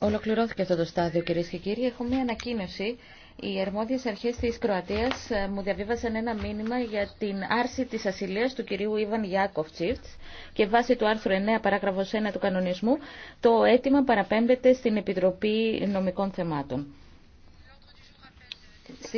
Ολοκληρώθηκε αυτό το στάδιο κυρίε και κύριοι. Έχω μία ανακοίνωση. Οι αρμόδιε αρχέ τη Κροατία ε, μου διαβίβασαν ένα μήνυμα για την άρση τη ασυλία του κυρίου Ιβαν Γιάκοφτσιφτ και βάσει του άρθρου 9 παράγραφο 1 του κανονισμού το αίτημα παραπέμπεται στην Επιτροπή Νομικών Θεμάτων.